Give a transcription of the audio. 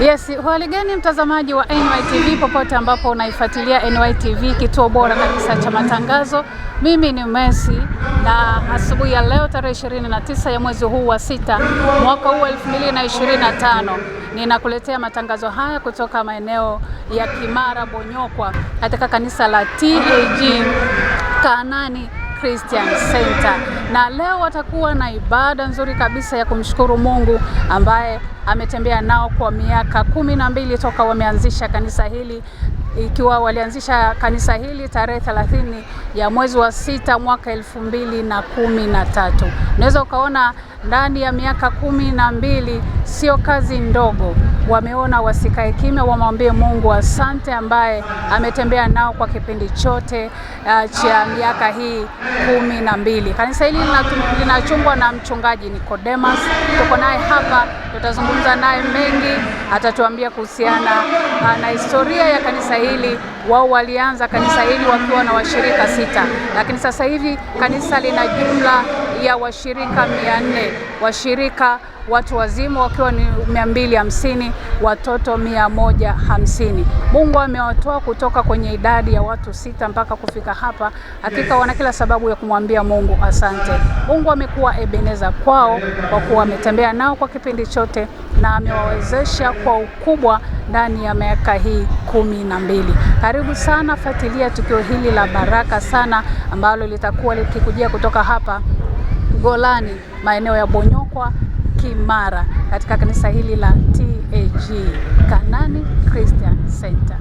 Yes, hali gani mtazamaji wa NYTV popote ambapo unaifuatilia NYTV, kituo bora kabisa cha matangazo. Mimi ni Messi na asubuhi ya leo tarehe 29 ya mwezi huu wa sita mwaka huu 2025 ninakuletea matangazo haya kutoka maeneo ya Kimara Bonyokwa katika kanisa la TAG kanani Christian Center, na leo watakuwa na ibada nzuri kabisa ya kumshukuru Mungu ambaye ametembea nao kwa miaka kumi na mbili toka wameanzisha kanisa hili ikiwa walianzisha kanisa hili tarehe 30 ya mwezi wa sita mwaka elfu mbili na kumi na tatu. Unaweza ukaona ndani ya miaka kumi na mbili sio kazi ndogo. Wameona wasikae kimya, wamwambie Mungu asante ambaye ametembea nao kwa kipindi chote uh, cha miaka hii kumi na mbili. Kanisa hili linachungwa na mchungaji Nicodemus, tuko naye hapa tutazungumza naye mengi, atatuambia kuhusiana ah, na historia ya kanisa hili. Wao walianza kanisa hili wakiwa na washirika sita, lakini sasa hivi kanisa lina jumla ya washirika 400, washirika watu wazima wakiwa ni hamsini watoto hamsini Mungu amewatoa kutoka kwenye idadi ya watu sita mpaka kufika hapa. Hakika wana kila sababu ya kumwambia Mungu asante. Mungu amekuwa Ebeneza kwao kwa kuwa ametembea nao kwa kipindi chote na amewawezesha kwa ukubwa ndani ya miaka hii kumi na mbili. Karibu sana, fuatilia tukio hili la baraka sana ambalo litakuwa likikujia kutoka hapa Golani maeneo ya Bonyokwa Kimara, katika kanisa hili la TAG Kanani Christian Center.